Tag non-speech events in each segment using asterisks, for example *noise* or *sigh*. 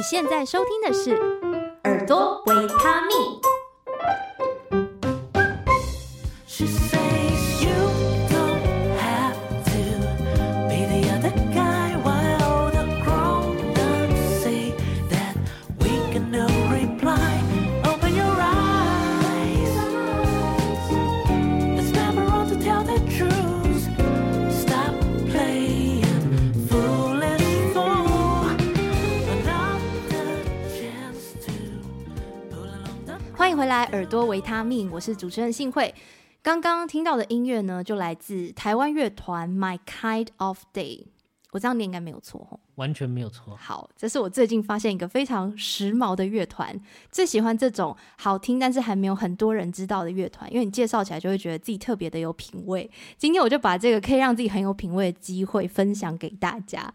你現在收聽的是《耳朵維他命》。多維他命，我是主持人信慧。剛剛聽到的音樂呢，就來自台灣樂團 My Kind of Day，我這樣念應該沒有錯吼？完全沒有錯。好，這是我最近發現一個非常時髦的樂團，最喜歡這種好聽但是還沒有很多人知道的樂團，因為你介紹起來就會覺得自己特別的有品味。今天我就把這個可以讓自己很有品味的機會分享給大家，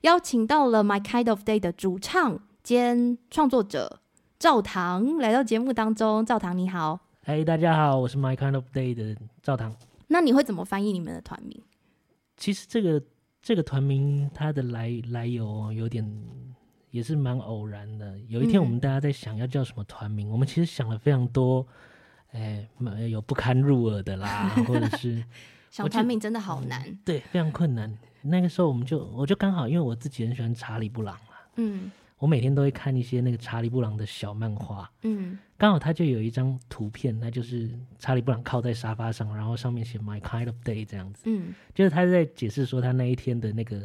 邀請到了 My Kind of Day 的主唱兼創作者。照棠來到節目當中，照棠你好，Hey 大家好，我是 My Kind of Day 的照棠。那你會怎麼翻譯你們的團名？其實這個這個團名它的來來由有,有點也是蠻偶然的。有一天我們大家在想要叫什麼團名，嗯、我們其實想了非常多，哎、欸，有不堪入耳的啦， *laughs* 或者是想團名真的好難、嗯，對，非常困難。那個時候我們就我就剛好因為我自己很喜歡查理布朗嘛，嗯。我每天都會看一些那個查理布朗的小漫畫，嗯，剛好他就有一張圖片，那就是查理布朗靠在沙發上，然後上面寫 My kind of day 這樣子，嗯，就是他在解釋說他那一天的那個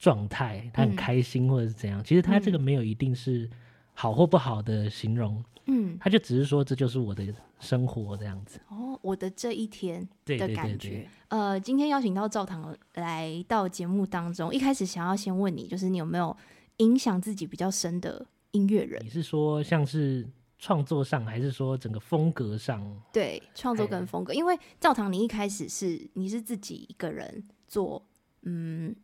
狀態，他很開心或者是怎樣。嗯，其實他這個沒有一定是好或不好的形容，嗯，他就只是說這就是我的生活這樣子。哦，我的這一天的感覺。對對對對。呃，今天邀請到照棠來到節目當中，一開始想要先問你，就是你有沒有？影響自己比較深的音樂人，你是說像是創作上，還是說整個風格上？對，創作跟風格。唉因為照棠，你一開始是你是自己一個人做，嗯，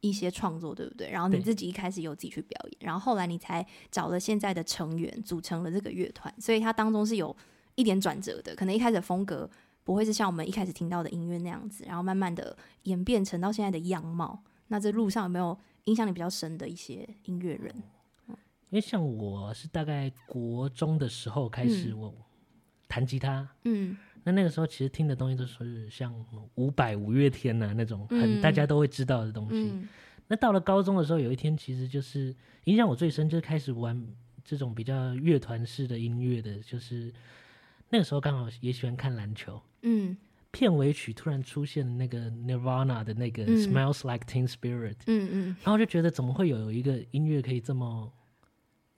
一些創作，對不對？然後你自己一開始有自己去表演，對然後後來你才找了現在的成員，組成了這個樂團。所以它當中是有一點轉折的，可能一開始的風格不會是像我們一開始聽到的音樂那樣子，然後慢慢的演變成到現在的樣貌。那這路上有沒有？影響你比較深的一些音樂人，嗯、因為像我是大概國中的時候開始我彈吉他，嗯，那那個時候其實聽的東西都是像伍佰五月天吶、啊、那種很大家都會知道的東西。嗯嗯、那到了高中的時候，有一天其實就是影響我最深，就是開始玩這種比較樂團式的音樂的，就是那個時候剛好也喜歡看籃球，嗯。片尾曲突然出現那個 Nirvana 的那個 Smells Like Teen Spirit，嗯嗯，嗯嗯，然後就覺得怎麼會有一個音樂可以這麼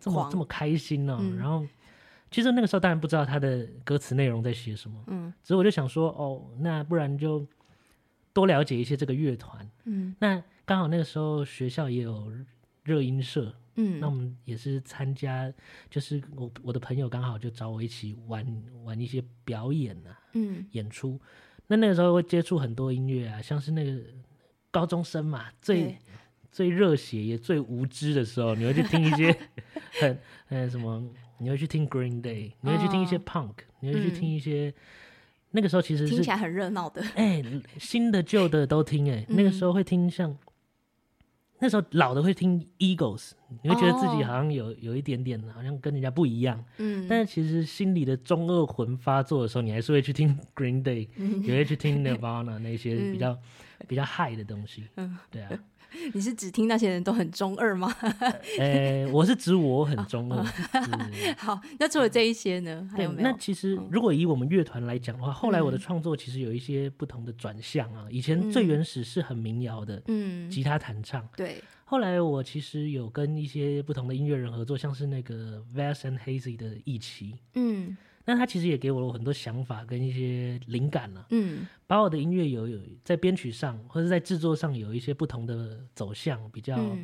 這麼狂這麼開心呢、啊？嗯、然後其實那個時候當然不知道他的歌詞內容在寫什麼，嗯，只是我就想說，哦，那不然就多了解一些這個樂團，嗯，那剛好那個時候學校也有熱音社。嗯，那我們也是參加，就是我我的朋友剛好就找我一起玩玩一些表演啊，嗯，演出。那那個時候會接觸很多音樂啊，像是那個高中生嘛，最對最熱血也最無知的時候，你會去聽一些 *laughs* 很、呃、什麼，你會去聽 Green Day，你會去聽一些 Punk，、哦、你會去聽一些，嗯、那個時候其實聽起來很熱鬧的，哎、欸，新的舊的都聽哎、欸，嗯、那個時候會聽像。那時候老的會聽 Eagles，你會覺得自己好像有、oh. 有一點點，好像跟人家不一樣。嗯，但是其實心裡的中二魂發作的時候，你還是會去聽 Green Day，、嗯、也會去聽 Nirvana 那些比較、嗯、比較嗨的東西。嗯，對啊。你是只聽那些人都很中二嗎？誒、 *laughs* 欸，我是指我很中二。好，那除了這一些呢？對還有沒有？那其實如果以我們樂團來講的話，嗯、後來我的創作其實有一些不同的轉向啊。以前最原始是很民謠的嗯，嗯，吉他彈唱，對。後來我其實有跟一些不同的音樂人合作，像是那個 Vast and Hazy 的一期，嗯，那他其實也給我了我很多想法跟一些靈感了，嗯，把我的音樂有有在編曲上或者在制作上有一些不同的走向，比較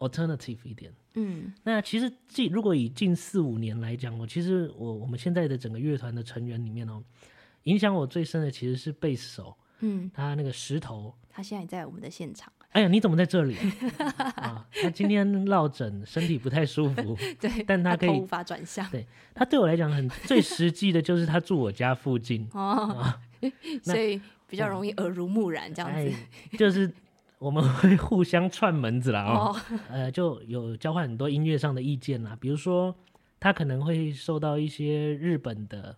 alternative 一點，嗯,那其實近如果以近四五年來講，我其實我我們現在的整個樂團的成員裡面哦，影響我最深的其實是貝斯手，嗯，他那個石頭，他現在在我們的現場。哎呀，你怎麼在這裡？啊，他今天落枕，身體不太舒服。對，但他可以無法轉向。對他對我來講，很最實際的就是他住我家附近哦，所以比較容易耳濡目染這樣子。就是我們會互相串門子了哦，就有交換很多音樂上的意見啦，比如說他可能會受到一些日本的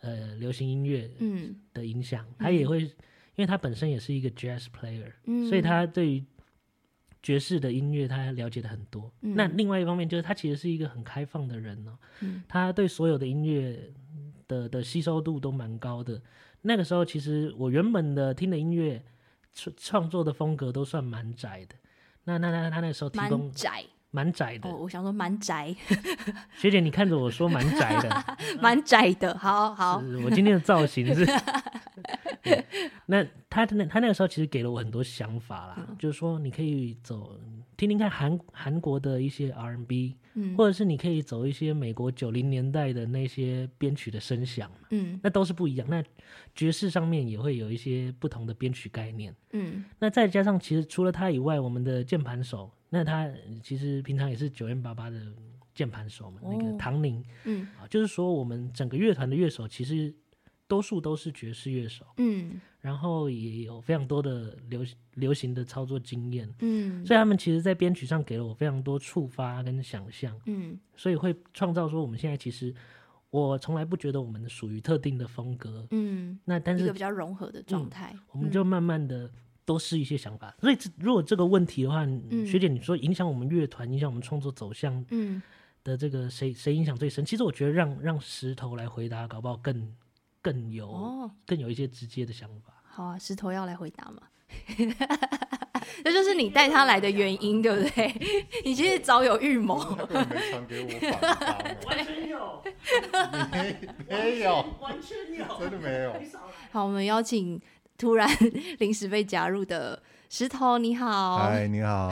呃流行音樂嗯的影響，他也會。因為他本身也是一個 jazz player，嗯，所以他對於爵士的音樂，他了解的很多。嗯，那另外一方面就是他其實是一個很開放的人呢，喔，嗯，他對所有的音樂的的吸收度都蠻高的。那個時候其實我原本的聽的音樂創創作的風格都算蠻窄的，那那那他那時候提供蠻窄。蠻窄的、哦，我想說蠻窄。 *laughs* 學姐，你看着我說蠻窄的，蠻 *laughs* 窄的。好好，我今天的造型是。 *laughs* 那他那他那個時候其實給了我很多想法啦，嗯、就是說你可以走聽聽看韓韓國的一些 R&B，嗯，或者是你可以走一些美國九零年代的那些編曲的聲響嘛，嗯，那都是不一樣。那爵士上面也會有一些不同的編曲概念，嗯，那再加上其實除了他以外，我們的鍵盤手。那他其實平常也是 9m88 的鍵盤手嘛，哦、那個唐寧，嗯，啊，就是說我們整個樂團的樂手其實多數都是爵士樂手，嗯，然後也有非常多的流行流行的操作經驗，嗯，所以他們其實在編曲上給了我非常多觸發跟想象，嗯，所以會創造說我們現在其實我從來不覺得我們屬於特定的風格，嗯，那但是一個比較融合的狀態，嗯嗯、我們就慢慢的。都是一些想法。所以，如果這個問題的話，嗯、學姐，你說影響我們樂團、影響我們創作走向的這個誰誰、嗯、影響最深？其實我覺得讓讓石頭來回答，搞不好更更有，哦、更有一些直接的想法。好啊，石頭要來回答嗎？ *laughs* 這就是你帶他來的原因，對，對不對？對 *laughs* 你其實早有預謀。他沒給我，完全有，有，完全沒有，真的沒有。好，我們邀請。突然臨時被加入的石頭，你好，嗨，你好。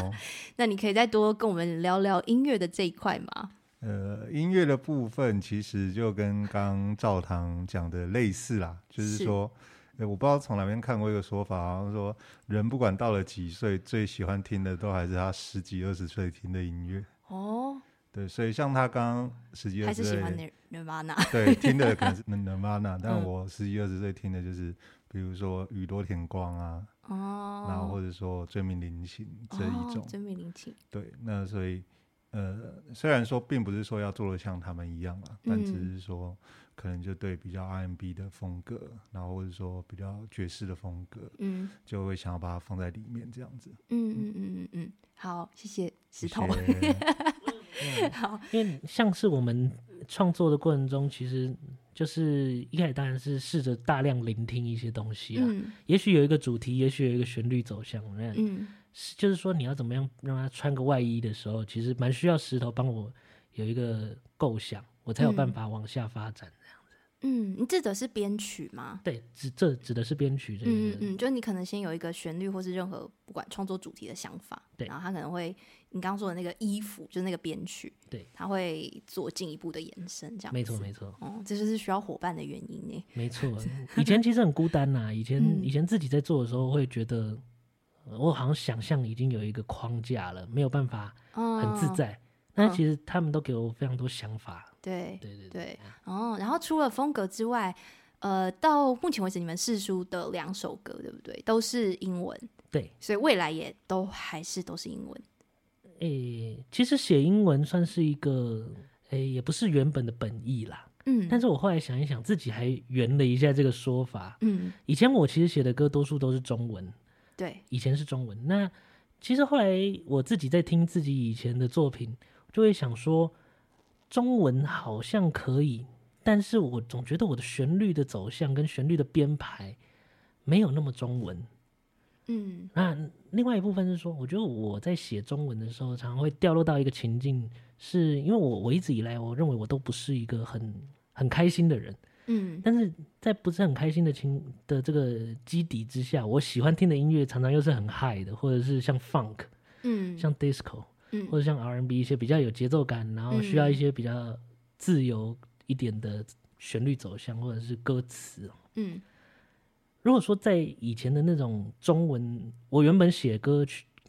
*laughs* 那你可以再多跟我們聊聊音樂的這一塊嗎？呃，音樂的部分其實就跟剛，剛照棠講的類似啦， *laughs* 就是說是、呃，我不知道從哪邊看過一個說法，好像說人不管到了幾歲，最喜歡聽的都還是他十幾二十歲聽的音樂。哦，對，所以像他剛，剛十幾二十歲，還是喜歡、Nirvana *laughs* 對，聽的可能是 Nirvana，但我十幾二十歲聽的就是。比如說宇多田光啊，哦、然後或者說椎名林檎這一種，椎、哦、名林檎，對，那所以呃，雖然說並不是說要做的像他們一樣嘛、啊，嗯、但只是說可能就對比較 R&B 的風格，然後或者說比較爵士的風格，嗯，就會想要把它放在裡面這樣子，嗯嗯嗯嗯嗯，嗯嗯好，謝謝石頭，好，因為上次我們創作的過程中，其實。就是一開始當然是試着大量聆聽一些東西啊，嗯，也許有一個主題，也許有一個旋律走向，嗯，是就是說你要怎麼樣讓它穿個外衣的時候，其實蠻需要石頭幫我有一個構想，我才有辦法往下發展這樣子。嗯，你、嗯、這，編指，這指的是編曲嗎？對，對，對，指這指的是編曲這一。嗯，就你可能先有一個旋律或是任何不管創作主題的想法，對，然後他可能會。你剛剛說的那個衣服，就是那個編曲，對，他會做進一步的延伸這樣子、嗯，這樣沒錯沒錯，哦，這就是需要夥伴的原因誒，沒錯，以前其實很孤單吶、啊， *laughs* 以前以前自己在做的時候會覺得，呃、我好像想象已經有一個框架了，沒有辦法、嗯、很自在，嗯、但其實他們都給我非常多想法，對對對對，對嗯、哦，然後除了風格之外，呃，到目前為止你們釋出的兩首歌對不對，都是英文，對，所以未來也都還是都是英文。誒，其實寫英文算是一個誒，也不是原本的本意啦。嗯，但是我後來想一想，自己還圓了一下這個說法。嗯，以前我其實寫的歌多數都是中文。對，以前是中文。那其實後來我自己在聽自己以前的作品，就會想說中文好像可以，但是我總覺得我的旋律的走向跟旋律的編排沒有那麼中文。嗯，那另外一部分是說，我覺得我在寫中文的時候，常常會掉落到一個情境是，是因為我我一直以來我認為我都不是一個很很開心的人，嗯，但是在不是很開心的情的這個基底之下，我喜歡聽的音樂常常又是很嗨的，或者是像 funk，嗯，像 disco，嗯，或者像 R&B 一些比較有節奏感，然後需要一些比較自由一點的旋律走向或者是歌詞。嗯，嗯。如果說在以前的那種中文，我原本寫歌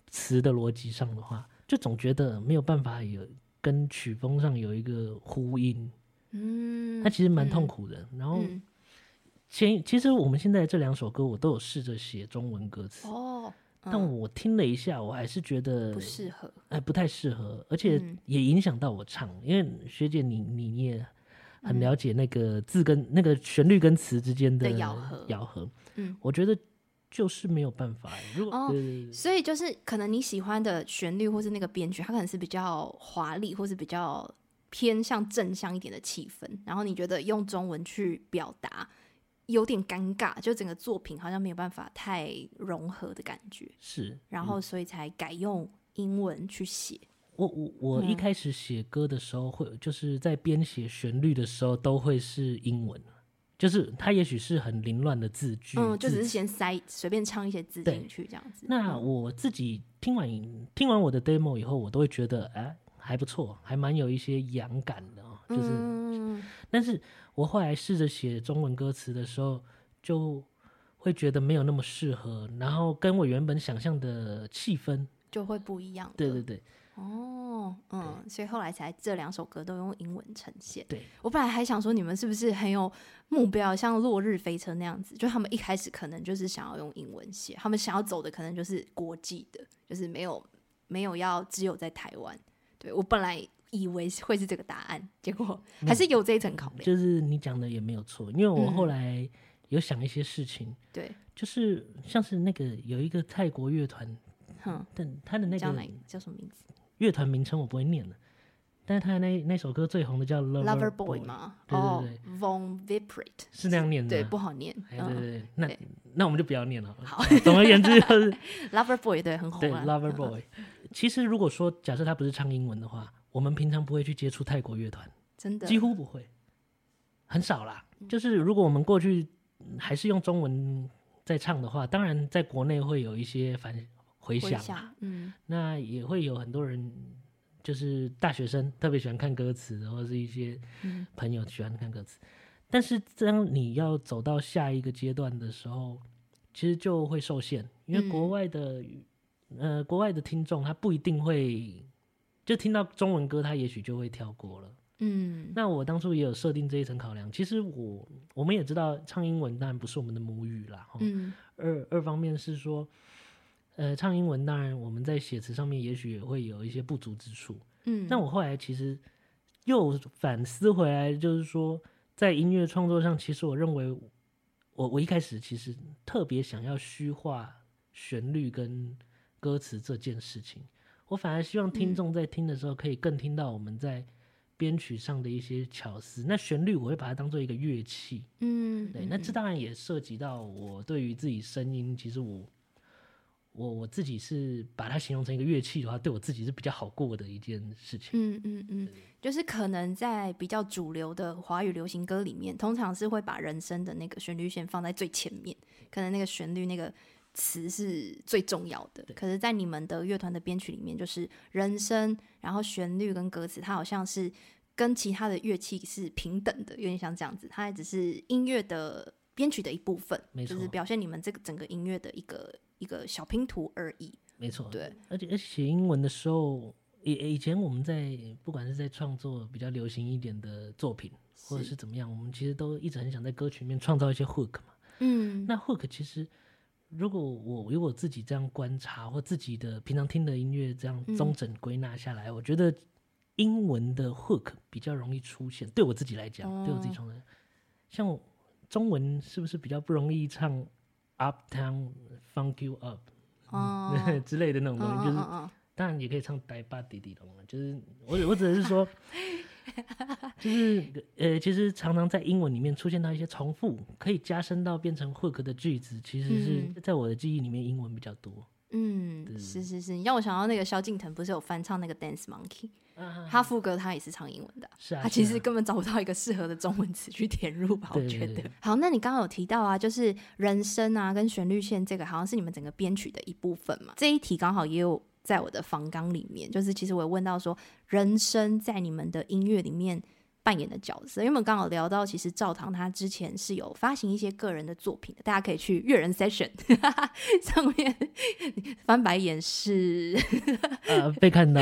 詞的邏輯上的話，就總覺得沒有辦法有跟曲風上有一個呼應，嗯，那其實蠻痛苦的。嗯、然後前，其實我們現在這兩首歌我都有試着寫中文歌詞哦，嗯、但我聽了一下，我還是覺得不適合，哎，不太適合，而且也影響到我唱。因為學姐你你也。很了解那個字跟那個旋律跟詞之間的咬合，嗯，咬合，嗯，我覺得就是沒有辦法。如果哦，所以就是可能你喜歡的旋律或是那個編曲，它可能是比較華麗或是比較偏向正向一點的氣氛，然後你覺得用中文去表達有點尷尬，就整個作品好像沒有辦法太融合的感覺，是，嗯，然後所以才改用英文去寫。我我我一開始寫歌的時候，會就是在編寫旋律的時候，都會是英文，就是它也許是很凌亂的字句，嗯，就只是先塞隨便唱一些字進去這樣子。那我自己聽完、嗯、聽完我的 demo 以後，我都會覺得，哎、欸，還不錯，還蠻有一些洋感的啊、喔，就是。嗯，但是我後來試着寫中文歌詞的時候，就會覺得沒有那麼適合，然後跟我原本想象的氣氛，就會不一樣的。對對對。哦，嗯，對所以後來才這兩首歌都用英文呈現。對，我本來還想說，你們是不是很有目標，像《落日飛車》那樣子？就他們一開始可能就是想要用英文寫，他們想要走的可能就是國際的，就是沒有沒有要只有在台灣。對，我本來以為是會是這個答案，結果還是有這一層考慮、嗯。就是你講的也沒有錯，因為我後來有想一些事情，嗯、對，就是像是那個有一個泰國樂團，哼、嗯，等他的那個叫，來叫什麼名字？樂團名稱我不會念了，但是他那那首歌最紅的叫 Lover Boy 嘛。哦，Von Viprit 是那樣念的，對，不好念。對對對，那那我們就不要念了。好，總而言之，Lover Boy 對很紅。對，Lover Boy。其實如果說假設他不是唱英文的話，我們平常不會去接觸泰國樂團，真的幾乎不會，很少啦。就是如果我們過去還是用中文在唱的話，當然在國內會有一些反。回想，回下嗯，那也會有很多人，就是大學生特別喜歡看歌詞，或者是一些朋友喜歡看歌詞。嗯、但是，當你要走到下一個階段的時候，其實就會受限，因為國外的，嗯、呃，國外的聽眾他不一定會就聽到中文歌，他也許就會跳過了。嗯，那我當初也有設定這一層考量。其實我我們也知道，唱英文當然不是我們的母語啦。嗯，二二方面是說。呃，唱英文當然，我們在寫詞上面也許也會有一些不足之處。嗯，那我後來其實又反思回來，就是說，在音樂創作上，其實我認為我，我我一開始其實特別想要虛化旋律跟歌詞這件事情，我反而希望聽眾在聽的時候可以更聽到我們在編曲上的一些巧思。那旋律我會把它當做一個樂器，嗯，對，那這當然也涉及到我對於自己聲音，其實我。我我自己是把它形容成一個樂器的話，對我自己是比較好過的一件事情。嗯嗯嗯，嗯嗯對就是可能在比較主流的華語流行歌裡面，通常是會把人聲的那個旋律線放在最前面，可能那個旋律，那個詞是最重要的。對可是，在你們的樂團的編曲裡面，就是人聲，然後旋律跟歌詞，它好像是跟其他的樂器是平等的，有點像這樣子。它也只是音樂的編曲的一部分，錯就是表現你們這個整個音樂的一個。一個小拼圖而已，沒錯錯。對，而且而且寫英文的時候，以以前我們在不管是在創作比較流行一點的作品，是或者是怎麼樣，我們其實都一直很想在歌曲裡面創造一些 hook 嘛。嗯，那 hook 其實如果我有我自己這樣觀察，或自己的平常聽的音樂這樣綜整歸納下來，嗯、我覺得英文的 hook 比較容易出現。對我自己來講，哦、對我自己創作，像中文是不是比較不容易唱 uptown？Funk you up，哦、嗯、之類的那種東西，哦、就是、哦哦、當然也可以唱《呆爸迪迪龍》了，就是我我只是說， *laughs* 就是呃，其實常常在英文裡面出現到一些重複，可以加深到變成 hook 的句子，其實是在我的記憶裡面英文比較多。嗯，對是是是，讓我想到那個蕭敬騰不是有翻唱那個《Dance Monkey》。他副歌他也是唱英文的，他其實根本找不到一個適合的中文詞去填入吧，我覺得。好，那你剛剛有提到啊，就是人聲啊跟旋律線這個，好像是你們整個編曲的一部分嘛。這一題剛好也有在我的訪綱裡面，就是其實我有問到說，人聲在你們的音樂裡面扮演的角色，因為我們剛好聊到，其實照棠他之前是有發行一些個人的作品的，大家可以去閱人 session 上面翻白眼是呃被看到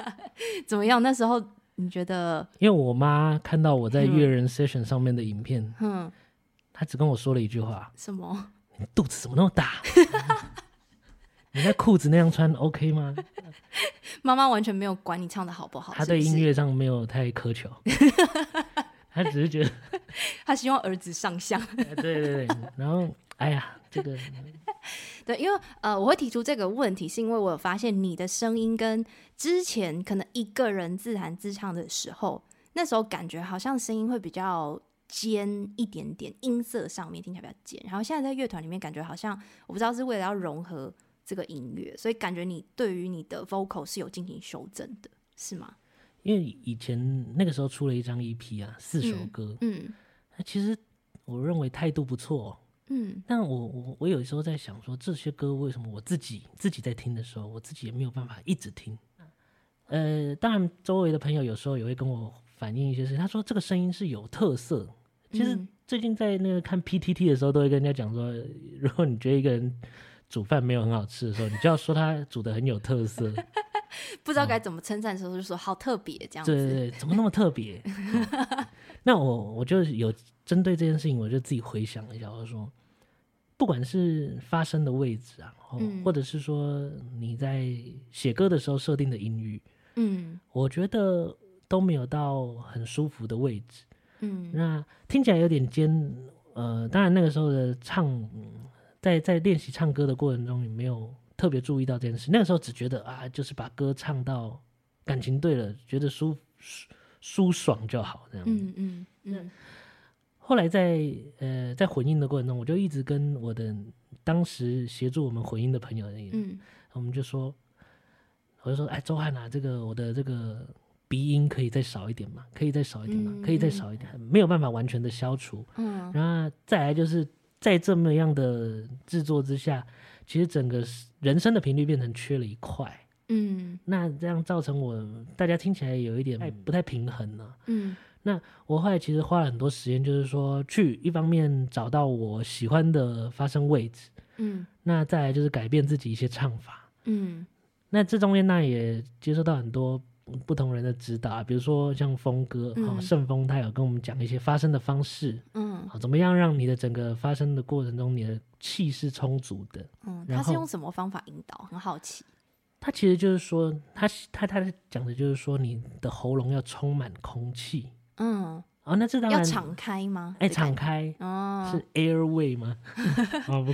*laughs* 怎麼樣？那時候你覺得？因為我媽看到我在閱人 session 上面的影片，嗯，嗯，她只跟我說了一句話：什麼？你肚子怎麼那麼大？ *laughs* 你在褲子那樣穿 OK 嗎？媽媽 *laughs* 完全沒有管你唱的好不好，他對音樂上沒有太苛求，他 *laughs* 只是覺得他 *laughs* 希望兒子上相、 *laughs* 欸。對對對，然後哎呀，這個 *laughs* 對，因為呃，我會提出這個問題，是因為我有發現你的聲音跟之前可能一個人自彈自唱的時候，那時候感覺好像聲音會比較尖一點點，音色上面聽起來比較尖，然後現在在樂團裡面感覺好像我不知道是為了要融合。這個音樂，所以感覺你對於你的 vocal 是有進行修正的，是嗎？因為以前那個時候出了一張 EP 啊，四首歌，嗯，嗯，其實我認為態度不錯，嗯。但我我我有時候在想說，這些歌為什麼我自己自己在聽的時候，我自己也沒有辦法一直聽。呃，當然，周圍的朋友有時候也會跟我反映一些事，他說這個聲音是有特色。其實最近在那個看 PTT 的時候，都會跟人家講說，如果你覺得一個人。煮飯沒有很好吃的時候，你就要說它煮得很有特色。 *laughs* 不知道該怎麼稱讚的時候，就說好特別這樣子，嗯。對對對，怎麼那麼特別， *laughs* 嗯。那我我就有針對這件事情，我就自己回想一下，我，就是，說，不管是發聲的位置啊，嗯，或者是說你在寫歌的時候設定的音域，嗯，我覺得都沒有到很舒服的位置。嗯，那聽起來有點尖。呃，當然那個時候的唱。在在練習唱歌的過程中，有沒有特別注意到這件事？那個時候只覺得啊，就是把歌唱到感情對了，覺得舒舒舒爽就好，這樣嗯。嗯嗯嗯。那後來在呃在混音的過程中，我就一直跟我的當時協助我們混音的朋友的，嗯，我們就說，我就說，哎，周漢娜、啊，這個我的這個鼻音可以再少一點嘛？可以再少一點嘛？嗯嗯、可以再少一點？沒有辦法完全的消除。嗯。然後再來就是。在這麼樣的製作之下，其實整個人聲的頻率變成缺了一塊，嗯，那這樣造成我大家聽起來有一點不太平衡了，嗯，那我後來其實花了很多時間，就是說去一方面找到我喜歡的發聲位置，嗯，那再來就是改變自己一些唱法，嗯，那這中間那也接受到很多，不同人的指導，比如說像峰哥啊，盛峰，他有跟我們講一些發聲的方式，嗯，怎麼樣讓你的整個發聲的過程中你的氣是充足的？嗯，他是用什麼方法引導？很好奇。他其實就是說，他他他講的就是說，你的喉嚨要充滿空氣，嗯，啊，那這當然要敞開嗎？哎，敞開哦，是 airway 嗎？哦，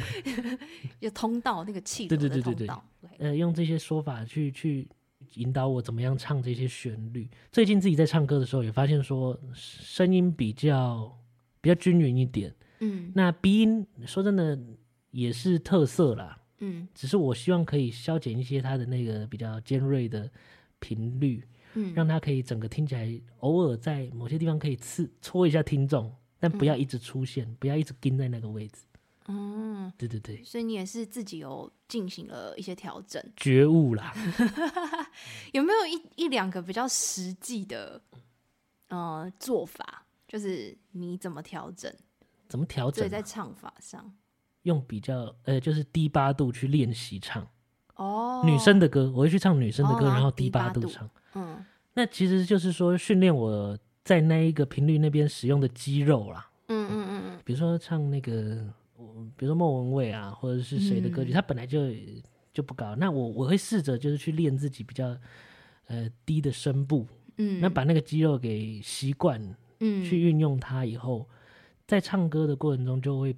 有通道那個氣流的通道，呃，用這些說法去去。引導我怎麼樣唱這些旋律。最近自己在唱歌的時候，也發現說聲音比較比較均勻一點。嗯，那鼻音說真的也是特色啦，嗯，只是我希望可以消減一些它的那個比較尖銳的頻率。嗯，讓它可以整個聽起來，偶爾在某些地方可以刺戳一下聽眾，但不要一直出現，不要一直盯在那個位置。嗯，對對對，所以你也是自己有進行了一些調整，覺悟啦。 *laughs* 有沒有一一兩個比較實際的呃做法？就是你怎麼調整？怎麼調整啊？所以在唱法上，用比較呃，就是低八度去練習唱。哦，女生的歌，我會去唱女生的歌，哦、然後低八度唱。嗯，嗯，那其實就是說訓練我在那一個頻率那邊使用的肌肉啦。嗯嗯嗯嗯，比如說唱那個。比如說莫文蔚啊，或者是誰的歌曲，嗯、他本來就就不高。那我我會試着就是去練自己比較呃低的聲部，嗯，那把那個肌肉給習慣，去運用它以後，嗯、在唱歌的過程中就會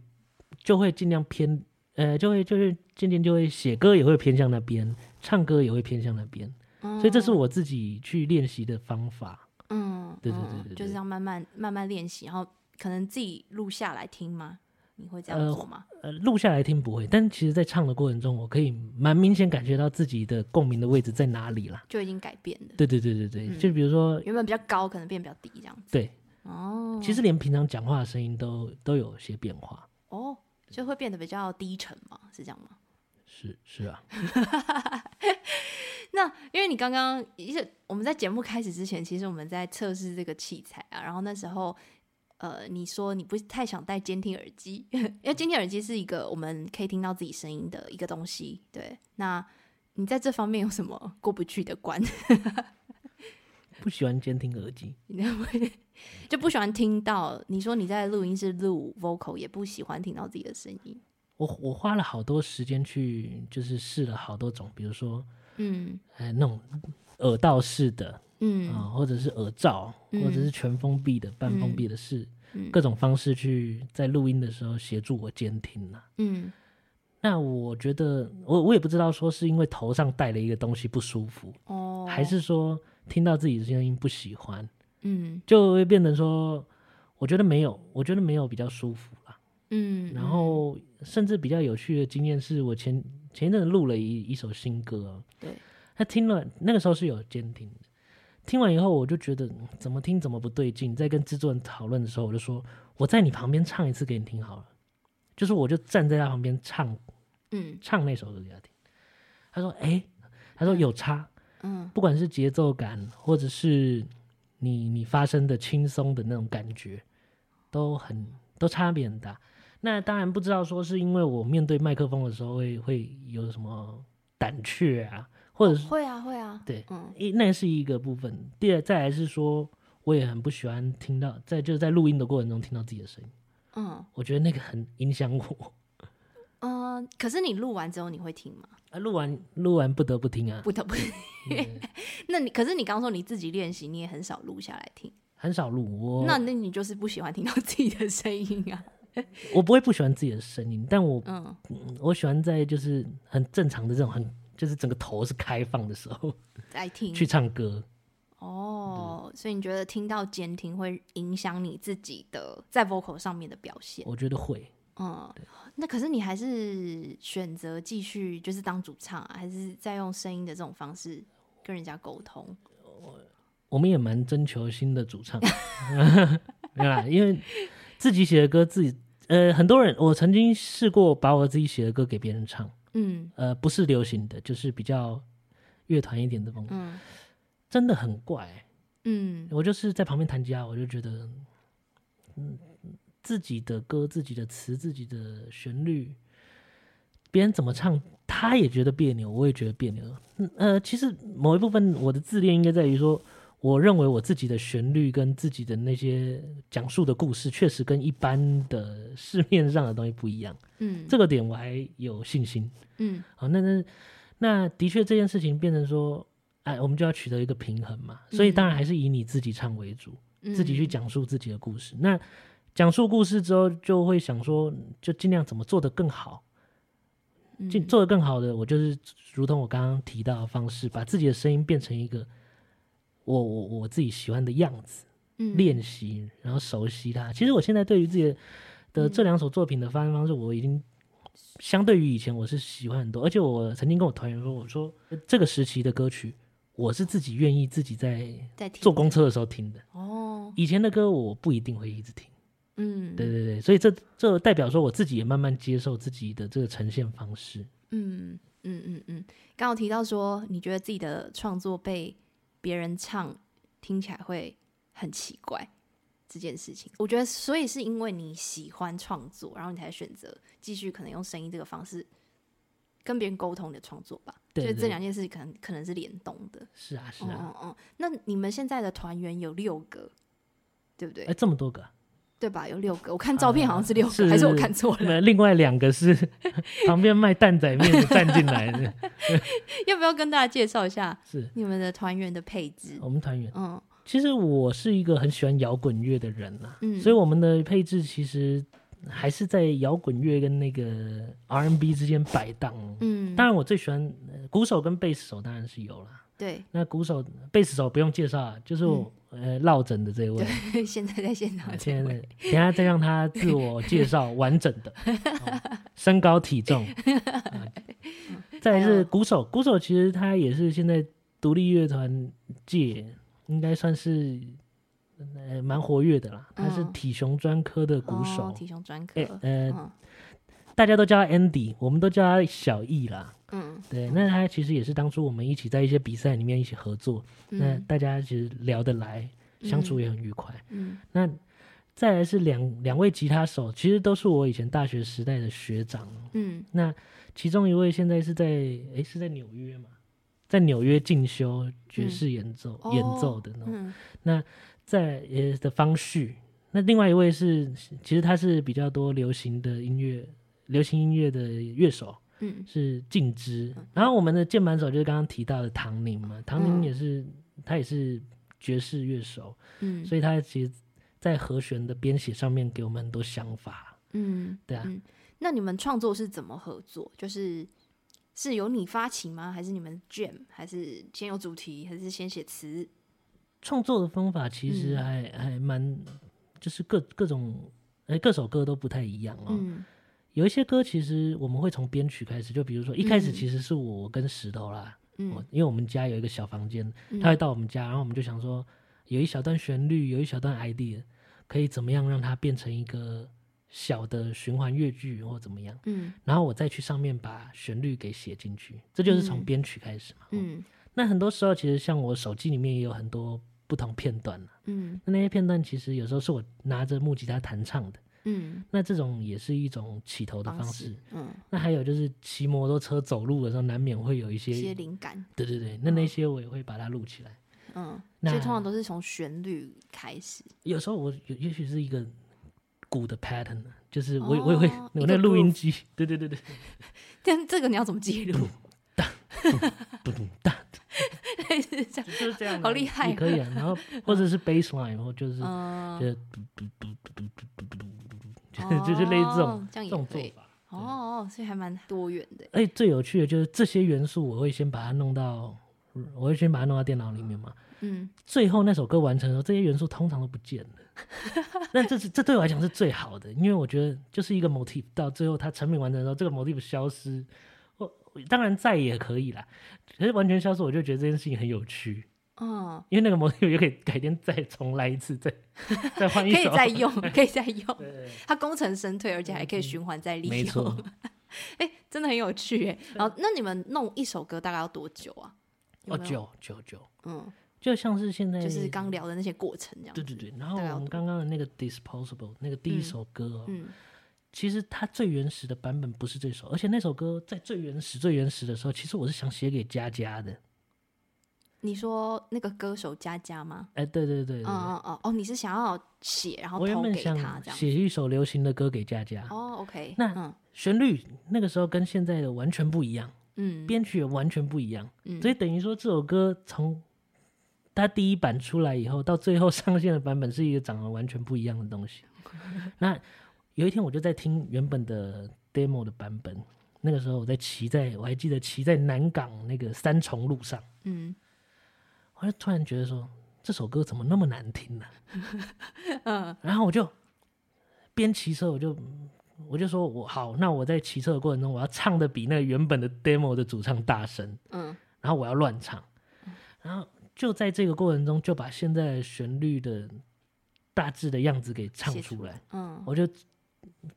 就會儘量偏呃，就會就是漸漸就會寫歌也會偏向那邊，唱歌也會偏向那邊。嗯、所以這是我自己去練習的方法，嗯，對，對對對對，就是要慢慢慢慢練習，然後可能自己錄下來聽嗎？你會這樣做嗎？呃，呃、錄下來聽不會，但其實，在唱的過程中，我可以蠻明顯感覺到自己的共鳴的位置在哪裡了，就已經改變了。對對對對對，嗯、就比如說，原本比較高，可能變得比較低這樣子。對，哦，其實連平常講話的聲音都都有些變化。哦，就會變得比較低沉嗎？是這樣嗎？是是啊。 *laughs* 那因為你剛剛一是我們在節目開始之前，其實我們在測試這個器材啊，然後那時候。呃，你說你不太想戴監聽耳機，因為監聽耳機是一個我們可以聽到自己聲音的一個東西。對，那你在這方面有什麼過不去的關？不喜歡監聽耳機， *laughs* 就不喜歡聽到，你說你在錄音室錄 vocal，也不喜歡聽到自己的聲音。我我花了好多時間去，就是試了好多種，比如說，嗯，哎，呃，弄。耳道式的，嗯啊、呃，或者是耳罩，或者是全封閉的、嗯、半封閉的式、嗯、各種方式去在錄音的時候協助我監聽、啊嗯、那我覺得，我我也不知道說是因為頭上戴了一個東西不舒服，哦，還是說聽到自己的聲音不喜歡，嗯，就會變成說，我覺得沒有，我覺得沒有比較舒服了、啊。嗯，然後甚至比較有趣的經驗是我前前一陣子錄了一一首新歌，對。他聽了那個時候是有監聽的，聽完以後我就覺得怎麼聽怎麼不對勁。在跟制作人討論的時候，我就說我在你旁邊唱一次給你聽好了，就是我就站在他旁邊唱，嗯，唱那首歌給他聽。他說：“哎、欸，他說有差，嗯，不管是節奏感，或者是你你發聲的輕鬆的那種感覺，都很都差別很大。那當然不知道說是因為我面對麥克風的時候會會有什麼膽怯啊。”或者是會啊、哦、會啊，會啊對，嗯，一那是一個部分。第二，再來是說，我也很不喜歡聽到在就是在錄音的過程中聽到自己的聲音，嗯，我覺得那個很影響我。嗯，可是你錄完之後你會聽嗎？啊，錄完錄完不得不聽啊，不得不聽。 *laughs* *laughs* 那你可是你剛剛說你自己練習，你也很少錄下來聽，很少錄，我。那那你就是不喜歡聽到自己的聲音啊？ *laughs* 我不會不喜歡自己的聲音，但我，嗯，嗯，我喜歡在就是很正常的這種很。就是整個頭是開放的時候，在聽去唱歌，哦、oh, 對，所以你覺得聽到監聽會影響你自己的在 vocal 上面的表現？我覺得會，嗯，對那可是你還是選擇繼續就是當主唱、啊，還是在用聲音的這種方式跟人家溝通？我我們也蠻徵求新的主唱、啊，對吧 *laughs* *laughs* 啦？ *laughs* 因為自己寫的歌，自己呃，很多人我曾經試過把我自己寫的歌給別人唱。嗯，呃，不是流行的，就是比較樂團一點的風格，嗯、真的很怪。嗯，我就是在旁邊彈吉他，我就覺得、嗯，自己的歌、自己的詞、自己的旋律，別人怎麼唱，他也覺得別扭，我也覺得別扭、嗯。呃，其實某一部分我的自戀應該在於說。我認為我自己的旋律跟自己的那些講述的故事，確實跟一般的市面上的東西不一樣。嗯，這個點我還有信心。嗯，好，那那那的確這件事情變成說，哎，我們就要取得一個平衡嘛。所以當然還是以你自己唱為主，嗯、自己去講述自己的故事。嗯、那講述故事之後，就會想說，就盡量怎麼做得更好，盡做得更好的，我就是如同我剛剛提到的方式，把自己的聲音變成一個。我我我自己喜歡的樣子，嗯，練習，然後熟悉它。其實我現在對於自己的這兩首作品的發聲方式，嗯、我已經相對於以前我是喜歡很多。而且我曾經跟我團員說，我說這個時期的歌曲，我是自己願意自己在在坐公車的時候聽的。聽的哦，以前的歌我不一定會一直聽。嗯，對對對，所以這這代表說我自己也慢慢接受自己的這個呈現方式。嗯嗯嗯嗯，剛好提到說你覺得自己的創作被。別人唱聽起來會很奇怪這件事情，我覺得。所以是因為你喜歡創作，然後你才選擇繼續可能用聲音這個方式跟別人溝通你的創作吧。對，對，所以這兩件事情可能可能是聯動的。是啊，是啊，嗯嗯，嗯，嗯。那你們現在的團員有六個，對不對？哎、欸，這麼多個。對吧？有六個，我看照片好像是六個，啊、是還是我看錯了？另外兩個是旁邊賣蛋仔面站進來的， *laughs* *laughs* *laughs* 要不要跟大家介紹一下？是你們的團員的配置？嗯、我們團員，嗯，其實我是一個很喜歡搖滾樂的人吶、啊，嗯，所以我們的配置其實還是在搖滾樂跟那個 R N B 之間擺盪。嗯，當然我最喜歡、呃、鼓手跟貝斯手，當然是有了。對，那鼓手、貝斯手不用介紹了、啊，就是我。嗯呃，落枕的這位，現在在現場的。現在在等下再讓他自我介紹完整的、 *laughs* 哦、身高體重。再是鼓手，鼓手其實他也是現在獨立樂團界應該算是呃蠻活躍的啦。嗯、他是體熊專科的鼓手，哦、體熊專科、欸。呃，嗯、大家都叫他 Andy，我們都叫他小易啦。嗯，對，那他其實也是當初我們一起在一些比賽裡面一起合作，嗯、那大家其實聊得來，嗯、相處也很愉快。嗯，那再來是兩兩位吉他手，其實都是我以前大學時代的學長、喔。嗯，那其中一位現在是在誒、欸，是在紐約嘛，在紐約進修爵士演奏、嗯、演奏的那種。哦嗯、那在呃的方旭，那另外一位是其實他是比較多流行的音樂，流行音樂的樂手。嗯、是靜之，然後我們的鍵盤手就是剛剛提到的唐寧嘛，哦、唐寧也是、嗯、他也是爵士樂手，嗯，所以他其實在和弦的編寫上面給我們很多想法，嗯，對啊、嗯，那你們創作是怎麼合作？就是是由你發起嗎？還是你們 jam？還是先有主題？還是先寫詞？創作的方法其實還、嗯、還蠻，就是各各種，哎、欸，各首歌都不太一樣啊、喔。嗯有一些歌其實我們會從編曲開始，就比如說一開始其實是我跟石頭啦，嗯，因為我們家有一個小房間，嗯，他會到我們家，然後我們就想說，有一小段旋律，有一小段 idea，可以怎麼樣讓它變成一個小的循環樂句或怎麼樣，嗯，然後我再去上面把旋律給寫進去，這就是從編曲開始嘛，嗯，嗯，那很多時候其實像我手機裡面也有很多不同片段，嗯，那那些片段其實有時候是我拿着木吉他彈唱的。嗯，那這種也是一種起頭的方式。嗯，那還有就是騎摩托車走路的時候，難免會有一些靈感。對對對，那那些我也會把它錄起來。嗯，所以通常都是從旋律開始。有時候我也許是一個鼓的 pattern，就是我我也會我那錄音機。對對對對，但這個你要怎麼記錄？噠噠噠，就是這樣，就是這樣，好厲害。也可以啊，然後或者是 bassline，然後就是就嘟嘟嘟嘟嘟嘟嘟。 *laughs* 就是類似這種這樣這種做法哦，哦，所以還蠻多元的。哎，最有趣的就是這些元素，我會先把它弄到，我會先把它弄到電腦裡面嘛。嗯，最後那首歌完成的時候，這些元素通常都不見了。 *laughs* 但這是這對我來講是最好的，因為我覺得就是一個 motif 到最後它成品完成的時候，這個 motif 消失，我當然再也可以啦，可是完全消失，我就覺得這件事情很有趣。哦，因為那個模式又可以改天再重來一次再，再再換一次 *laughs* 可以再用，可以再用。對它功成身退，而且還可以循環再利用。嗯、沒錯、欸，真的很有趣耶。對然後，那你們弄一首歌大概要多久啊？有有哦，九九九，嗯，就像是現在就是剛聊的那些過程這樣。對對對。然後我們剛剛的那個 disposable 那個第一首歌，喔嗯，嗯，其實它最原始的版本不是這首，而且那首歌在最原始最原始的時候，其實我是想寫給佳佳的。你說那個歌手佳佳嗎？哎、欸，對對對,對,對、嗯，哦哦，你是想要寫，然後投給他這樣寫一首流行的歌給佳佳。哦，OK。那旋律那個時候跟現在的完全不一樣，嗯，編曲也完全不一樣，嗯、所以等於說這首歌從它第一版出來以後，到最後上線的版本是一個長得完全不一樣的東西。Okay, 嗯、那有一天我就在聽原本的 demo 的版本，那個時候我在騎在，我還記得騎在南港那個三重路上，嗯。我突然覺得說，這首歌怎麼那麼難聽呢？啊？ *laughs* 嗯、然後我就邊騎車，我就我就說我好，那我在騎車的過程中，我要唱的比那個原本的 demo 的主唱大聲，嗯、然後我要亂唱，然後就在這個過程中，就把現在的旋律的大致的樣子給唱出來，出來嗯、我就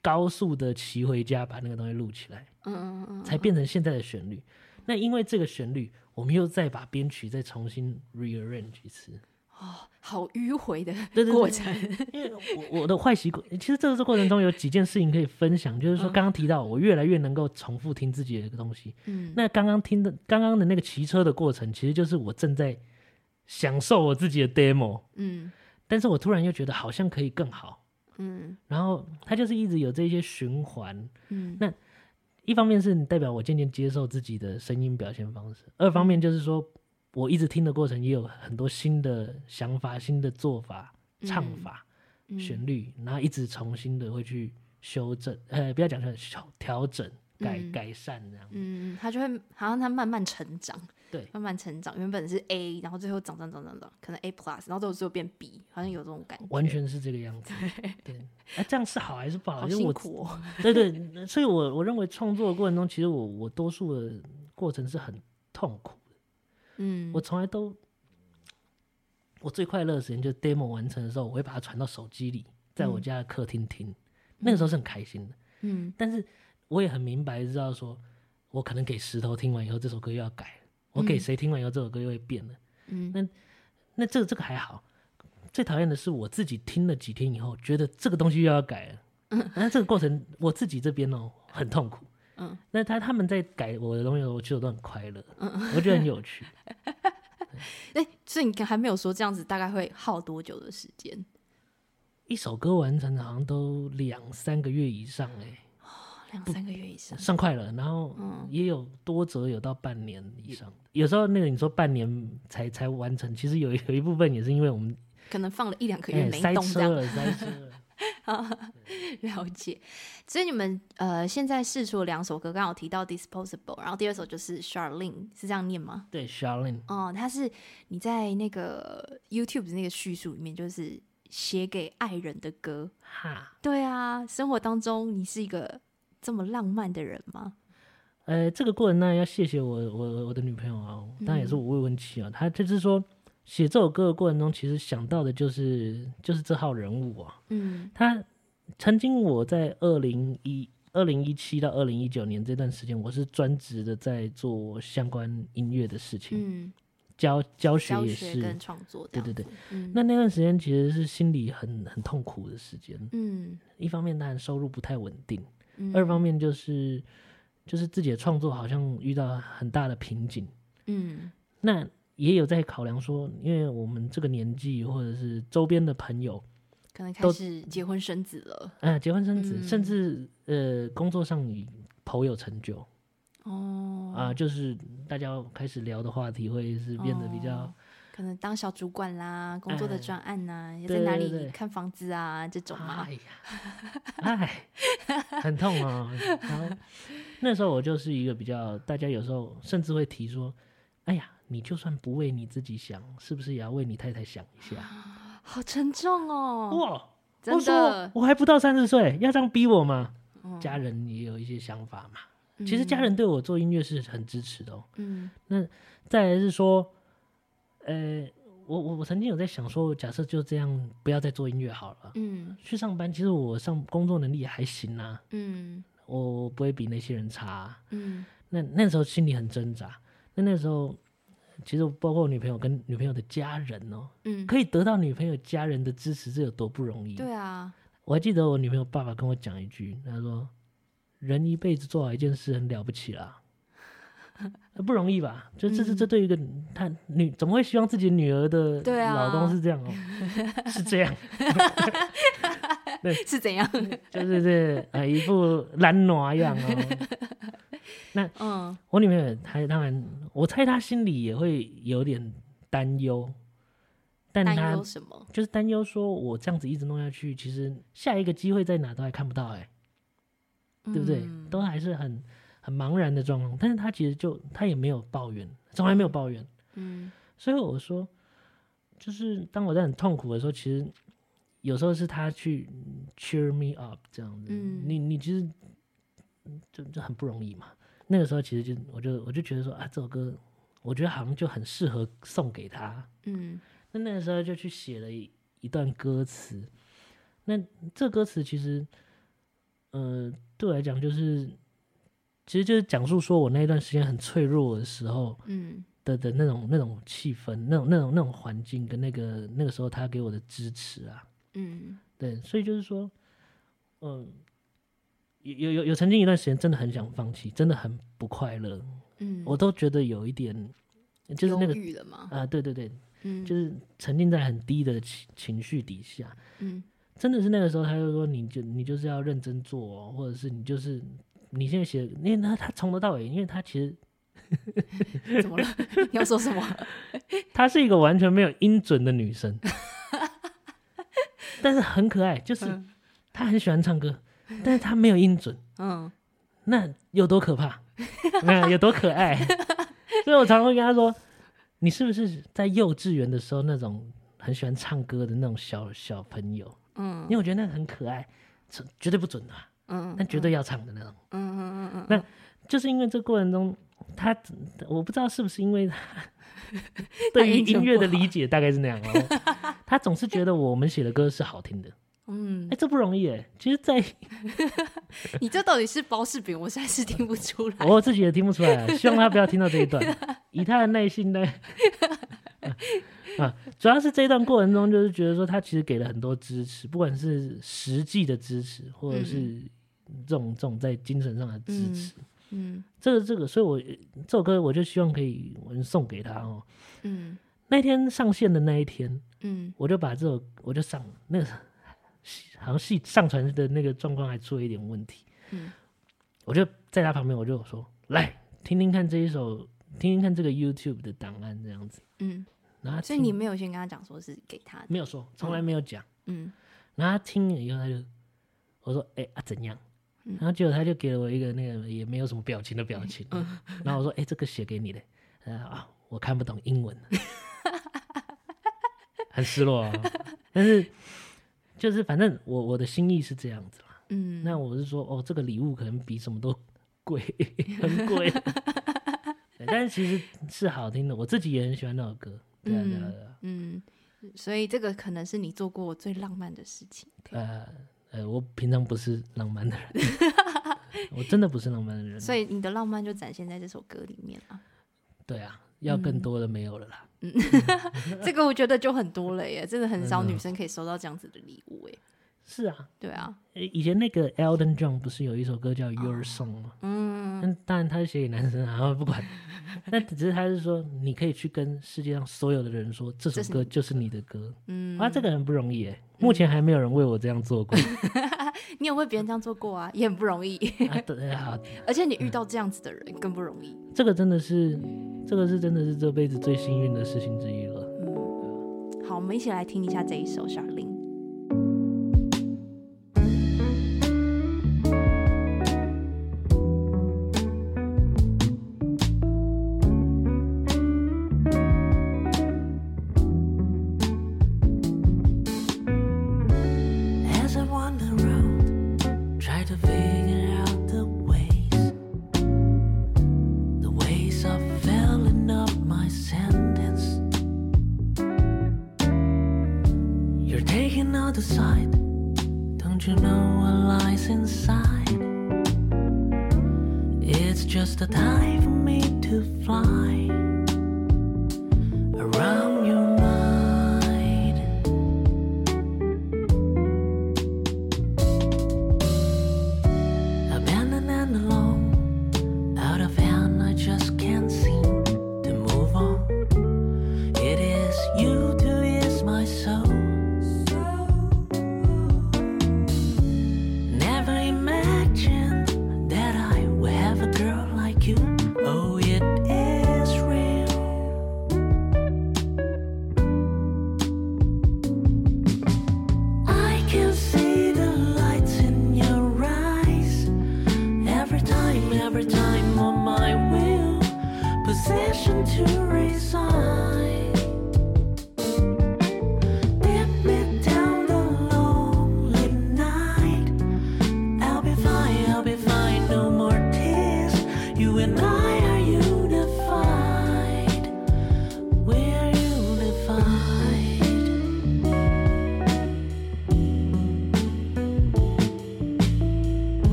高速的騎回家，把那個東西錄起來，嗯、才變成現在的旋律。那因為這個旋律，我們又再把編曲再重新 rearrange 一次，哦，好迂回的過程。因為我我的壞習慣，其實這個、這個過程中有幾件事情可以分享，就是說剛剛提到我越來越能夠重複聽自己的東西。嗯，那剛剛聽的剛剛的那個騎車的過程，其實就是我正在享受我自己的 demo。嗯，但是我突然又覺得好像可以更好。嗯，然後它就是一直有這些循環。嗯，那。一方面是代表我漸漸接受自己的聲音表現方式，二方面就是說，嗯、我一直聽的過程也有很多新的想法、新的做法、嗯、唱法、嗯、旋律，然後一直重新的會去修正，呃，不要講成調調整、改、嗯、改善這樣。嗯，他就會好像他慢慢成長。對，慢慢成長，原本是 A，然後最後長長長長長，可能 A plus，然後最後最後變 B，好像有這種感覺，完全是這個樣子。對，那、啊、這樣是好還是不好？好辛苦哦、因為我，對對，所以我我認為創作的過程中，其實我我多數的過程是很痛苦的。嗯，我從來都，我最快樂的時間就是 demo 完成的時候，我會把它傳到手機裡，在我家的客廳聽，嗯、那個時候是很開心的。嗯，但是我也很明白，知道說我可能給石頭聽完以後，這首歌又要改。我給誰聽完以後，嗯、這首歌又會變了。嗯，那那這個、這個還好。最討厭的是我自己聽了幾天以後，覺得這個東西又要改了。嗯，那這個過程我自己這邊哦、喔、很痛苦。嗯，那他他們在改我的東西我覺得都很快樂。嗯，我覺得很有趣。哎 *laughs* 對、欸，所以你還沒有說這樣子大概會耗多久的時間？一首歌完成好像都兩三個月以上哎、欸。嗯兩三個月以上算快了，然後也有多則有到半年以上。嗯、有，有時候那個你說半年才才完成，其實有有一部分也是因為我們可能放了一兩個月沒動這樣。塞車了，塞車了。了解。所以你們呃現在釋出了兩首歌，剛剛提到 Disposable，然後第二首就是 Charlene，是這樣念嗎？對，Charlene。哦、嗯，它是你在那個 YouTube 的那個敘述裡面，就是寫給愛人的歌。哈。對啊，生活當中你是一個。這麼浪漫的人嗎？呃，這個過程呢，要謝謝我我我的女朋友啊，當然、嗯、也是我未婚妻啊。她就是說，寫這首歌的過程中，其實想到的就是就是這號人物啊。嗯，她曾經我在二零一二零一七到二零一九年這段時間，我是專職的在做相關音樂的事情，嗯，教教學也是教學跟創作，對對對。那、嗯、那段時間其實是心裡很很痛苦的時間，嗯，一方面她的收入不太穩定。二方面就是，嗯、就是自己的創作好像遇到很大的瓶頸，嗯，那也有在考量說，因為我們這個年紀或者是周邊的朋友，可能開始結婚生子了，嗯，結婚生子，嗯、甚至呃工作上你頗有成就，哦，啊，就是大家開始聊的話題會是變得比較。哦可能當小主管啦，工作的專案啦、啊，呃、對對對在哪裡看房子啊？這種嘛、哎呀，哎，很痛哦 *laughs* 然後。那時候我就是一個比較，大家有時候甚至會提說：“哎呀，你就算不為你自己想，是不是也要為你太太想一下？”啊、好沉重哦。哇，真的，我，我還不到三十歲，要這樣逼我嗎？嗯、家人也有一些想法嘛。其實家人對我做音樂是很支持的、哦。嗯，那再來是說。呃、欸，我我我曾經有在想說，假設就這樣不要再做音樂好了，嗯，去上班。其實我上工作能力也還行啊，嗯，我我不會比那些人差、啊，嗯。那那時候心裡很掙扎，那那時候其實包括我女朋友跟女朋友的家人哦、喔，嗯，可以得到女朋友家人的支持是有多不容易？對啊，我還記得我女朋友爸爸跟我講一句，他說：“人一輩子做好一件事很了不起啦。”不容易吧？就這是這對一個他女，怎麼會希望自己女兒的老公是這樣哦？是這樣？對，是怎樣？就是這呃一副男娃樣哦、喔。嗯那嗯，我女朋友她當然，我猜她心裡也會有點擔憂。擔憂什麼？就是擔憂，說我這樣子一直弄下去，其實下一個機會在哪都還看不到、欸，哎，嗯、對不對？都還是很。很茫然的狀況，但是他其實就他也沒有抱怨，從來沒有抱怨，嗯，所以我說，就是當我在很痛苦的時候，其實有時候是他去 cheer me up 這樣子，嗯，你你其實就就，就很不容易嘛。那個時候其實就我就我就覺得說啊，這首歌我覺得好像就很適合送給他，嗯，那那個時候就去寫了一,一段歌詞，那這歌詞其實，呃，對我來講就是。其實就是講述說我那一段時間很脆弱的時候，嗯，的的那種、嗯、那種氣氛，那種那種那種環境跟那個那個時候他給我的支持啊，嗯，對，所以就是說，嗯，有有有有曾經一段時間真的很想放棄，真的很不快樂，嗯，我都覺得有一點，就是那個啊，對對對，嗯、就是沉浸在很低的情情緒底下，嗯，真的是那個時候他就說你就你就是要認真做喔，或者是你就是。你現在寫，因為那他從頭到尾，因為他其實呵呵怎麼了？你要說什麼？她是一個完全沒有音準的女生， *laughs* 但是很可愛，就是、嗯、她很喜歡唱歌，但是她沒有音準。嗯，那有多可怕？那有多可愛？ *laughs* 所以我常常會跟她說：“你是不是在幼稚園的時候那種很喜歡唱歌的那種小小朋友？”嗯，因為我覺得那個很可愛，絕，絕對不準的、啊。但絕對要唱的那種。嗯嗯嗯嗯，嗯嗯嗯嗯，那就是因為這過程中，他，我不知道是不是因為他對於音樂的理解大概是那樣哦。他總是覺得我們寫的歌是好聽的。嗯，哎、欸，這不容易哎。其實在，在 *laughs* 你這到底是包柿餅？我現在是聽不出來。我自己也聽不出來、啊，希望他不要聽到這一段。 *laughs* 以他的耐心呢？ *laughs* 啊，主要是這一段過程中，就是覺得說他其實給了很多支持，不管是實際的支持，或者是這種這種在精神上的支持。嗯，嗯這個這個，所以我這首歌我就希望可以送給他哦。嗯，那天上線的那一天，嗯，我就把這首我就上那個好像係上傳的那個狀況還出了一點問題。嗯，我就在他旁邊，我就說來聽聽看這一首，聽聽看這個 YouTube 的檔案這樣子。嗯。所以你沒有先跟他講說是給他的，沒有說，從來沒有講。嗯，然後他聽了以後，他就我說哎、欸、啊怎樣？嗯、然後結果他就給了我一個那個也沒有什麼表情的表情。嗯、 *laughs* 然後我說哎、欸，這個寫給你的，啊、哦，我看不懂英文， *laughs* 很失落啊、哦。但是就是反正我我的心意是這樣子嘛，嗯，那我是說哦，這個禮物可能比什麼都貴， *laughs* 很貴。 *laughs* 但是其實是好聽的，我自己也很喜歡那首歌。對啊對啊對啊，嗯，嗯，所以這個可能是你做過最浪漫的事情？啊、呃呃，我平常不是浪漫的人， *laughs* *laughs* 我真的不是浪漫的人。所以你的浪漫就展現在這首歌裡面了。對啊，要更多的沒有了啦。嗯， *laughs* *laughs* 這個我覺得就很多了耶，真的很少女生可以收到這樣子的禮物耶！是啊，對啊，以前那個 Elton John 不是有一首歌叫 Your Song 嗎？Oh, 嗯，但當然他是寫給男生，然不，不管。但只是他是說，你可以去跟世界上所有的人說，這首歌就是你的歌。嗯，啊，這個很不容易誒，嗯，目前還沒有人為我這樣做過。 *laughs* 你有為別人這樣做過啊，也很不容易。 *laughs* 啊，對啊。而且你遇到這樣子的人更不容易。嗯，這個真的是，這個是真的是這輩子最幸運的事情之一了。嗯，對好，我們一起來聽一下這一首《Charlene》。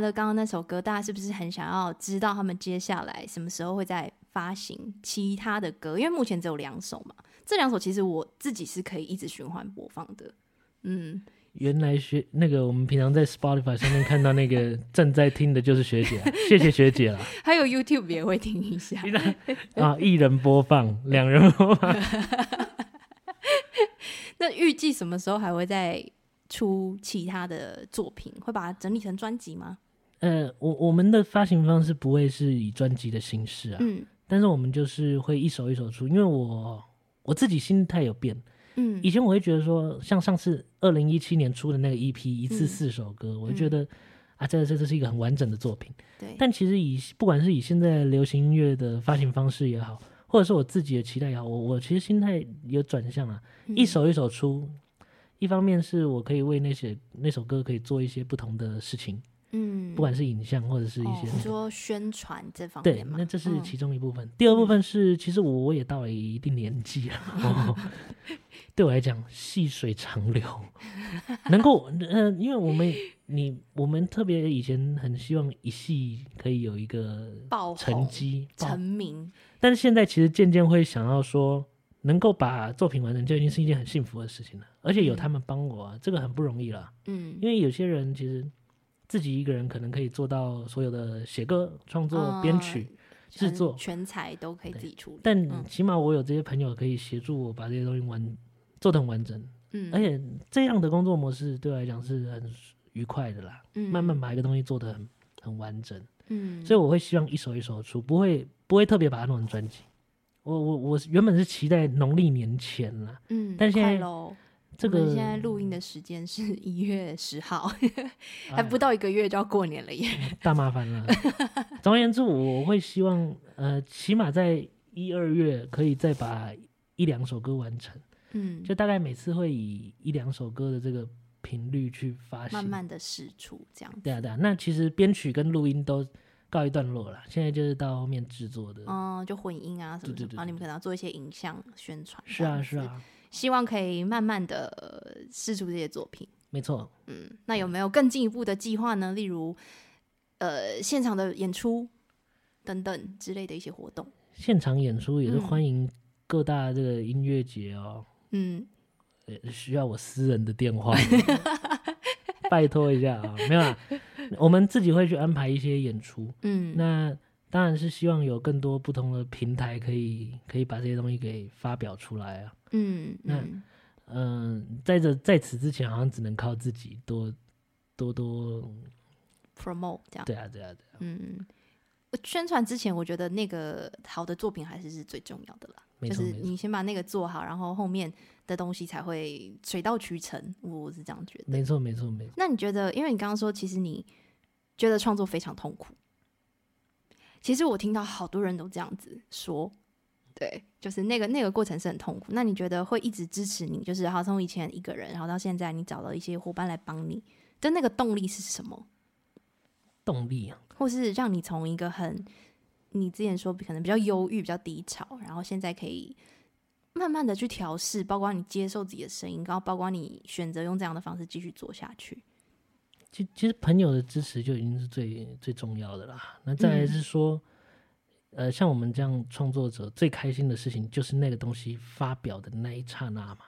剛剛那首歌，大家是不是很想要知道他們接下來什麼時候會再發行其他的歌？因為目前只有兩首嘛，這兩首其實我自己是可以一直循環播放的。嗯，原來學那個我們平常在 Spotify 上面看到那個正在聽的就是學姐啊， *laughs* 謝謝學姐啦。 *laughs* 還有 YouTube 也會聽一下。啊，一人播放，兩 *laughs* 人播放。 *laughs* *laughs* 那預計什麼時候還會再出其他的作品？會把它整理成專輯嗎？呃，我我們的發行方式不會是以專輯的形式啊，嗯、但是我們就是會一首一首出，因為我我自己心態有變，嗯，以前我會覺得說，像上次二零一七年出的那個 EP 一次四首歌，嗯、我就覺得、嗯、啊，這這這是一個很完整的作品，對，但其實以不管是以現在流行音樂的發行方式也好，或者是我自己的期待也好，我我其實心態有轉向啊，一首一首出，一方面是我可以為那些那首歌可以做一些不同的事情。嗯，不管是影像或者是一些說宣傳這方面，對，那這是其中一部分。第二部分是，其實我也到了一定年紀了，對我來講，細水長流，能夠呃，因為我們你我們特別以前很希望一系可以有一個成績成名，但是現在其實漸漸會想要說，能夠把作品完成就已經是一件很幸福的事情了，而且有他們幫我啊，這個很不容易了。嗯，因為有些人其實。自己一個人可能可以做到所有的寫歌、創作、編曲、製、嗯、作全，全才都可以自己處理對、嗯、但起碼我有這些朋友可以協助我把這些東西完做得很完整。嗯、而且這樣的工作模式對我來講是很愉快的啦。嗯、慢慢把一個東西做得很很完整。嗯、所以我會希望一首一首出，不會不會特別把它弄成專輯。我我我原本是期待農曆年前了。嗯，但現在。這個現在錄音的時間是一月十號，哎、呀還不到一個月就要過年了，耶。大麻煩了。 *laughs* 總而言之，我會希望，呃，起碼在一二月可以再把一兩首歌完成。嗯，就大概每次會以一兩首歌的這個頻率去發行，慢慢的釋出這樣子。對啊，對啊。那其實編曲跟錄音都告一段落了，現在就是到後面制作的，哦，就混音啊什麼什麼，然後你們可能要做一些影像宣傳。是啊，是啊。希望可以慢慢的釋出這些作品，沒錯。嗯，那有沒有更進一步的計劃呢？例如，呃，現場的演出等等之類的一些活動。現場演出也是歡迎各大這個音樂節哦。嗯，需要我私人的電話，拜托一下啊。沒有啦，我們自己會去安排一些演出。嗯，那當然是希望有更多不同的平台可以可以把這些東西給發表出來啊。嗯，那嗯嗯、呃，在這在此之前，好像只能靠自己多多多、嗯、promote 這樣。對啊，對啊，對啊的。嗯，宣傳之前，我覺得那個好的作品還是是最重要的啦。沒錯，就是你先把那個做好，沒錯。然後後面的東西才會水到渠成。我是這樣覺得。沒錯沒錯沒錯。沒錯沒錯，那你覺得？因為你剛剛說，其實你覺得創作非常痛苦。其實我聽到好多人都這樣子說。對，就是那個那個過程是很痛苦。那你覺得會一直支持你，就是好從以前一個人，然後到現在你找到一些夥伴來幫你，但那個動力是什麼？動力啊，或是讓你從一個很你之前說可能比較憂鬱、比較低潮，然後現在可以慢慢的去調試，包括你接受自己的聲音，然後包括你選擇用這樣的方式繼續做下去。其其實朋友的支持就已經是最最重要的啦。那再來是說。嗯。呃，像我們這樣創作者最開心的事情就是那個東西發表的那一剎那嘛，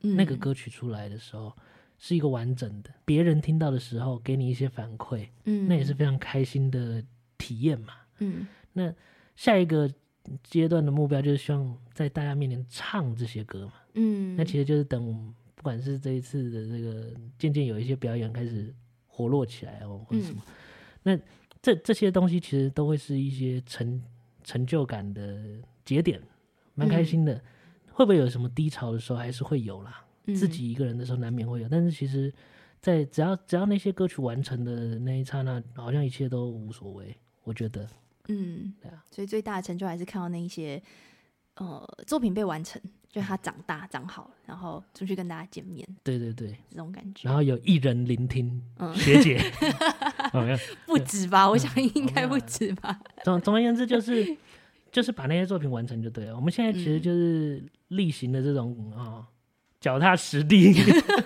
嗯，那個歌曲出來的時候是一個完整的，別人聽到的時候給你一些反饋，嗯，那也是非常開心的體驗嘛，嗯，那下一個階段的目標就是希望在大家面前唱這些歌嘛，嗯，那其實就是等不管是這一次的這個漸漸有一些表演開始活絡起來哦，或者什麼，嗯，那這這些東西其實都會是一些成。成就感的節點，蠻開心的。嗯、會不會有什麼低潮的時候？還是會有啦。嗯、自己一個人的時候難免會有，但是其實，在只要只要那些歌曲完成的那一剎那，好像一切都無所謂。我覺得，嗯，對啊。所以最大的成就還是看到那一些呃作品被完成，就他長大、嗯、長好，然後出去跟大家見面。對對對，這種感覺。然後有一人聆聽學姐。嗯 *laughs* Oh, no, 不止吧，對我想應該不止吧，oh, no. 總。總總而言之，就是 *laughs* 就是把那些作品完成就對了。我們現在其實就是例行的這種啊，嗯嗯、腳踏實地， *laughs*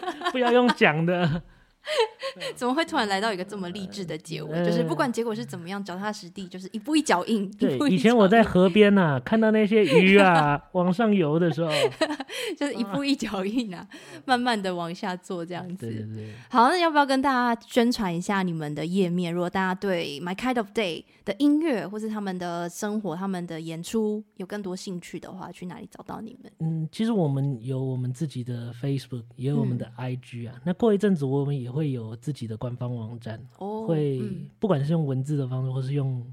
*laughs* 不要用講的。 *laughs* *laughs* 怎麼會突然來到一個這麼勵志的結尾？嗯、就是不管結果是怎麼樣，腳踏實地，就是一步一腳印。對，一一以前我在河邊啊，看到那些魚啊 *laughs* 往上游的時候， *laughs* 就是一步一腳印啊，啊慢慢的往下做這樣子。對對對。好，那要不要跟大家宣傳一下你們的頁面？如果大家對 My Kind of Day 的音樂，或是他們的生活、他們的演出有更多興趣的話，去哪裡找到你們？嗯，其實我們有我們自己的 Facebook，也有我們的 IG 啊。嗯、那過一陣子，我們也會。會有自己的官方網站，oh，會不管是用文字的方式，嗯、或是用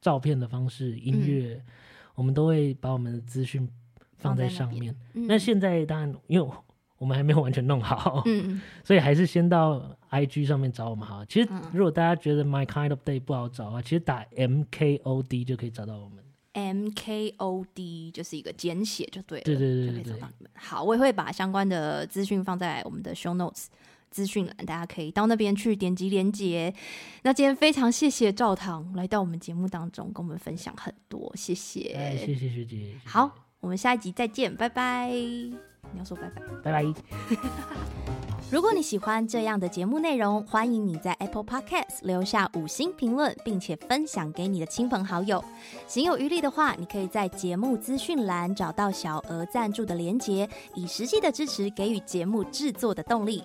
照片的方式、音樂，嗯、我們都會把我們的資訊放在上面。那，嗯、那現在當然，因為我們還沒有完全弄好，嗯，嗯，所以還是先到 IG 上面找我們好。嗯、其實，如果大家覺得 My Kind of Day 不好找啊，嗯、其實打 MKOD 就可以找到我們。MKOD 就是一個簡寫就對了，對對對，對，好，我也會把相關的資訊放在我們的 Show Notes。資訊欄，大家可以到那邊去點擊連結。那今天非常謝謝照棠來到我們節目當中，跟我們分享很多。謝謝，謝謝學姐。是是是是是是，好，我們下一集再見，拜拜。你要說拜拜，拜拜。 *laughs* 如果你喜歡這樣的節目內容，歡迎你在 Apple Podcast 留下五星評論，並且分享給你的親朋好友。行有餘力的話，你可以在節目資訊欄找到小額贊助的連結，以實際的支持給予節目製作的動力。